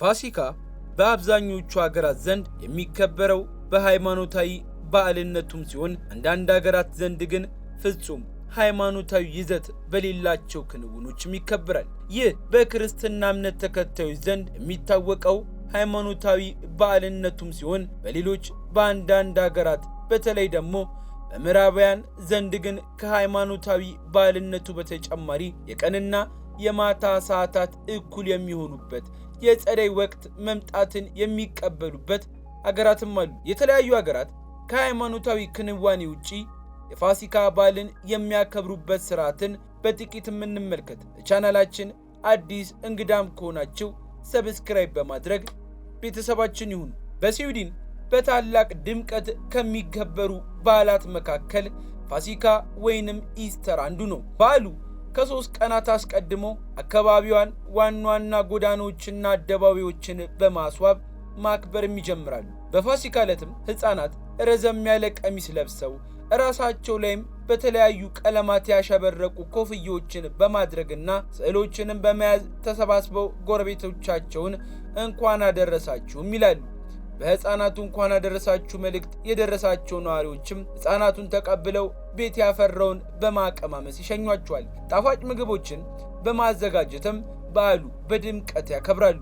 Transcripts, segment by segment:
ፋሲካ በአብዛኞቹ ሀገራት ዘንድ የሚከበረው በሃይማኖታዊ በዓልነቱም ሲሆን አንዳንድ ሀገራት ዘንድ ግን ፍጹም ሃይማኖታዊ ይዘት በሌላቸው ክንውኖችም ይከበራል። ይህ በክርስትና እምነት ተከታዮች ዘንድ የሚታወቀው ሃይማኖታዊ በዓልነቱም ሲሆን በሌሎች በአንዳንድ ሀገራት በተለይ ደግሞ በምዕራባውያን ዘንድ ግን ከሃይማኖታዊ በዓልነቱ በተጨማሪ የቀንና የማታ ሰዓታት እኩል የሚሆኑበት የጸደይ ወቅት መምጣትን የሚቀበሉበት አገራትም አሉ። የተለያዩ አገራት ከሃይማኖታዊ ክንዋኔ ውጪ የፋሲካ በዓልን የሚያከብሩበት ስርዓትን በጥቂት የምንመልከት። ቻናላችን አዲስ እንግዳም ከሆናችሁ ሰብስክራይብ በማድረግ ቤተሰባችን ይሁኑ። በስዊድን በታላቅ ድምቀት ከሚከበሩ በዓላት መካከል ፋሲካ ወይንም ኢስተር አንዱ ነው። በዓሉ ከሶስት ቀናት አስቀድሞ አካባቢዋን ዋና ዋና ጎዳናዎችና አደባባዮችን በማስዋብ ማክበርም ይጀምራሉ። በፋሲካ ዕለትም ሕፃናት ረዘም ያለ ቀሚስ ለብሰው እራሳቸው ላይም በተለያዩ ቀለማት ያሸበረቁ ኮፍያዎችን በማድረግና ስዕሎችንም በመያዝ ተሰባስበው ጎረቤቶቻቸውን እንኳን አደረሳችሁም ይላሉ። በሕፃናቱ እንኳን አደረሳችሁ መልእክት የደረሳቸው ነዋሪዎችም ሕፃናቱን ተቀብለው ቤት ያፈራውን በማቀማመስ ይሸኟቸዋል። ጣፋጭ ምግቦችን በማዘጋጀትም በዓሉ በድምቀት ያከብራሉ።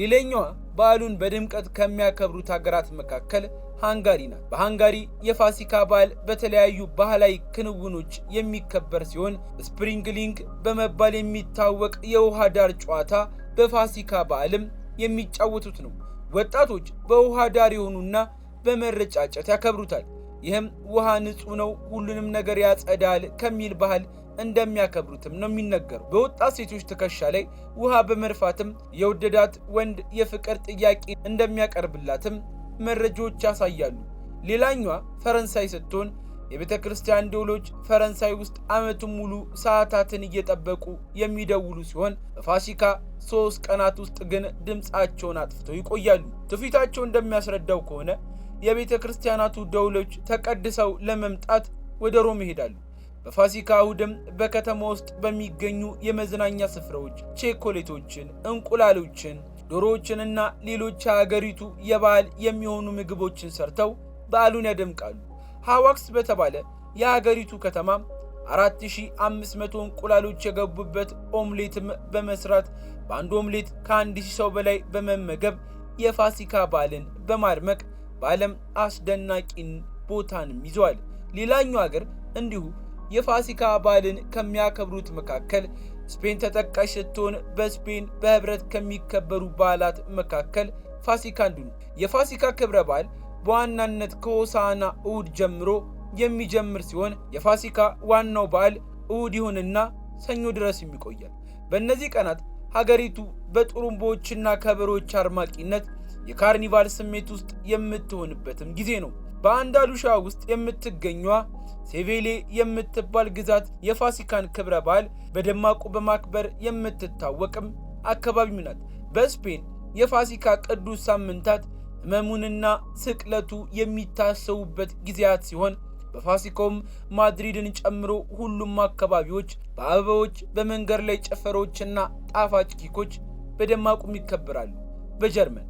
ሌላኛዋ በዓሉን በድምቀት ከሚያከብሩት ሀገራት መካከል ሃንጋሪ ናት። በሃንጋሪ የፋሲካ በዓል በተለያዩ ባህላዊ ክንውኖች የሚከበር ሲሆን ስፕሪንግሊንግ በመባል የሚታወቅ የውሃ ዳር ጨዋታ በፋሲካ በዓልም የሚጫወቱት ነው። ወጣቶች በውሃ ዳር የሆኑና በመረጫጨት ያከብሩታል። ይህም ውሃ ንጹህ ነው፣ ሁሉንም ነገር ያጸዳል ከሚል ባህል እንደሚያከብሩትም ነው የሚነገሩ። በወጣት ሴቶች ትከሻ ላይ ውሃ በመድፋትም የወደዳት ወንድ የፍቅር ጥያቄ እንደሚያቀርብላትም መረጃዎች ያሳያሉ። ሌላኛዋ ፈረንሳይ ስትሆን የቤተ ክርስቲያን ደውሎች ፈረንሳይ ውስጥ ዓመቱን ሙሉ ሰዓታትን እየጠበቁ የሚደውሉ ሲሆን በፋሲካ ሶስት ቀናት ውስጥ ግን ድምፃቸውን አጥፍተው ይቆያሉ። ትውፊታቸው እንደሚያስረዳው ከሆነ የቤተ ክርስቲያናቱ ደውሎች ተቀድሰው ለመምጣት ወደ ሮም ይሄዳሉ። በፋሲካ እሁድም በከተማ ውስጥ በሚገኙ የመዝናኛ ስፍራዎች ቼኮሌቶችን፣ እንቁላሎችን፣ ዶሮዎችንና ሌሎች የአገሪቱ የበዓል የሚሆኑ ምግቦችን ሰርተው በዓሉን ያደምቃሉ። ሐዋክስ በተባለ የአገሪቱ ከተማ 4500 እንቁላሎች የገቡበት ኦምሌትም በመስራት በአንድ ኦምሌት ከአንድ ሺህ ሰው በላይ በመመገብ የፋሲካ በዓልን በማድመቅ በዓለም አስደናቂን ቦታንም ይዟል። ሌላኛው ሀገር እንዲሁ የፋሲካ በዓልን ከሚያከብሩት መካከል ስፔን ተጠቃሽ ስትሆን በስፔን በህብረት ከሚከበሩ በዓላት መካከል ፋሲካ አንዱ ነው። የፋሲካ ክብረ በዓል በዋናነት ከሆሳና እሁድ ጀምሮ የሚጀምር ሲሆን የፋሲካ ዋናው በዓል እሁድ ይሁንና ሰኞ ድረስ ይቆያል። በእነዚህ ቀናት ሀገሪቱ በጥሩምቦችና ከበሮች አድማቂነት የካርኒቫል ስሜት ውስጥ የምትሆንበትም ጊዜ ነው። በአንዳሉሻ ውስጥ የምትገኟ ሴቬሌ የምትባል ግዛት የፋሲካን ክብረ በዓል በደማቁ በማክበር የምትታወቅም አካባቢም ናት። በስፔን የፋሲካ ቅዱስ ሳምንታት ሕመሙንና ስቅለቱ የሚታሰቡበት ጊዜያት ሲሆን በፋሲካውም ማድሪድን ጨምሮ ሁሉም አካባቢዎች በአበባዎች፣ በመንገድ ላይ ጨፈሮችና ጣፋጭ ኪኮች በደማቁም ይከበራሉ። በጀርመን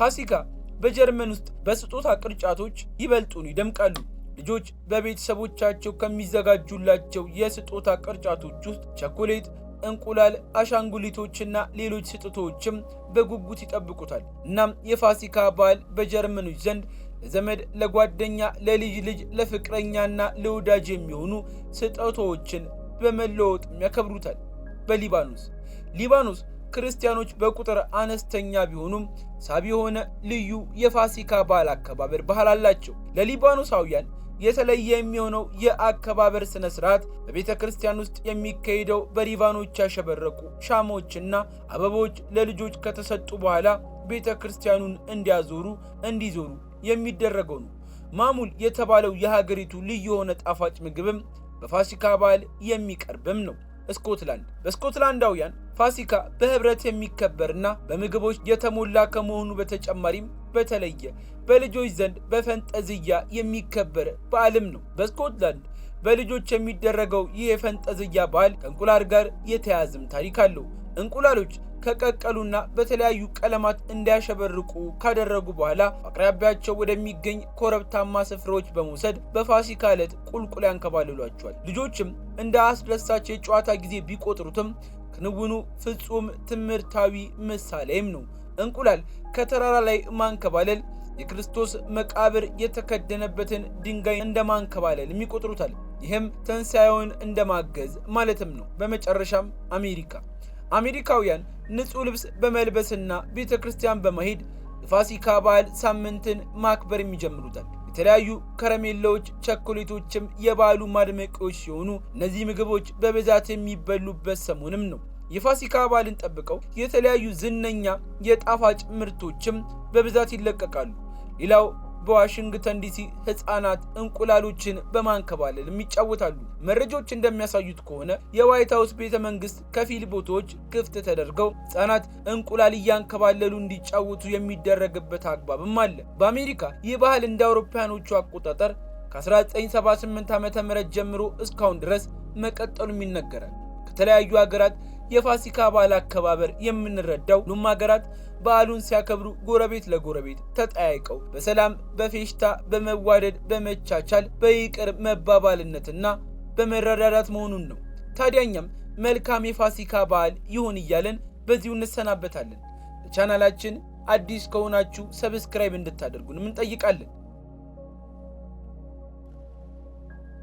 ፋሲካ በጀርመን ውስጥ በስጦታ ቅርጫቶች ይበልጡን ይደምቃሉ። ልጆች በቤተሰቦቻቸው ከሚዘጋጁላቸው የስጦታ ቅርጫቶች ውስጥ ቸኮሌት፣ እንቁላል፣ አሻንጉሊቶችና ሌሎች ስጦታዎችም በጉጉት ይጠብቁታል። እናም የፋሲካ በዓል በጀርመኖች ዘንድ ለዘመድ፣ ለጓደኛ፣ ለልጅ ልጅ፣ ለፍቅረኛና ለወዳጅ የሚሆኑ ስጦታዎችን በመለወጥም ያከብሩታል። በሊባኖስ ሊባኖስ ክርስቲያኖች በቁጥር አነስተኛ ቢሆኑም ሳቢ የሆነ ልዩ የፋሲካ በዓል አከባበር ባህል አላቸው። ለሊባኖሳውያን የተለየ የሚሆነው የአከባበር ስነ ስርዓት በቤተ ክርስቲያን ውስጥ የሚካሄደው በሪቫኖች ያሸበረቁ ሻሞችና አበቦች ለልጆች ከተሰጡ በኋላ ቤተ ክርስቲያኑን እንዲያዞሩ እንዲዞሩ የሚደረገው ነው። ማሙል የተባለው የሀገሪቱ ልዩ የሆነ ጣፋጭ ምግብም በፋሲካ በዓል የሚቀርብም ነው። ስኮትላንድ በስኮትላንዳውያን ፋሲካ በህብረት የሚከበርና በምግቦች የተሞላ ከመሆኑ በተጨማሪም በተለየ በልጆች ዘንድ በፈንጠዝያ የሚከበር በዓልም ነው። በስኮትላንድ በልጆች የሚደረገው ይህ የፈንጠዝያ በዓል ከእንቁላል ጋር የተያያዘም ታሪክ አለው። እንቁላሎች ከቀቀሉና በተለያዩ ቀለማት እንዲያሸበርቁ ካደረጉ በኋላ አቅራቢያቸው ወደሚገኝ ኮረብታማ ስፍራዎች በመውሰድ በፋሲካ ዕለት ቁልቁል ያንከባልሏቸዋል። ልጆችም እንደ አስደሳች የጨዋታ ጊዜ ቢቆጥሩትም ክንውኑ ፍጹም ትምህርታዊ ምሳሌም ነው። እንቁላል ከተራራ ላይ ማንከባለል የክርስቶስ መቃብር የተከደነበትን ድንጋይ እንደማንከባለል ይቆጥሩታል። ይህም ትንሣኤውን እንደማገዝ ማለትም ነው። በመጨረሻም አሜሪካ አሜሪካውያን ንጹህ ልብስ በመልበስና ቤተ ክርስቲያን በመሄድ የፋሲካ በዓል ሳምንትን ማክበር የሚጀምሩታል። የተለያዩ ከረሜላዎች፣ ቸኮሌቶችም የበዓሉ ማድመቂያዎች ሲሆኑ እነዚህ ምግቦች በብዛት የሚበሉበት ሰሞንም ነው። የፋሲካ በዓልን ጠብቀው የተለያዩ ዝነኛ የጣፋጭ ምርቶችም በብዛት ይለቀቃሉ። ሌላው በዋሽንግተን ዲሲ ህጻናት እንቁላሎችን በማንከባለልም ይጫወታሉ። መረጃዎች እንደሚያሳዩት ከሆነ የዋይት ሀውስ ቤተ መንግስት ከፊል ቦታዎች ክፍት ተደርገው ህጻናት እንቁላል እያንከባለሉ እንዲጫወቱ የሚደረግበት አግባብም አለ። በአሜሪካ ይህ ባህል እንደ አውሮፓያኖቹ አቆጣጠር ከ1978 ዓ ም ጀምሮ እስካሁን ድረስ መቀጠሉም ይነገራል። ከተለያዩ ሀገራት የፋሲካ በዓል አከባበር የምንረዳው ሁሉም ሀገራት በዓሉን ሲያከብሩ ጎረቤት ለጎረቤት ተጠያይቀው በሰላም በፌሽታ በመዋደድ በመቻቻል በይቅር መባባልነትና በመረዳዳት መሆኑን ነው። ታዲያኛም መልካም የፋሲካ በዓል ይሁን እያለን በዚሁ እንሰናበታለን። ለቻናላችን አዲስ ከሆናችሁ ሰብስክራይብ እንድታደርጉንም እንጠይቃለን።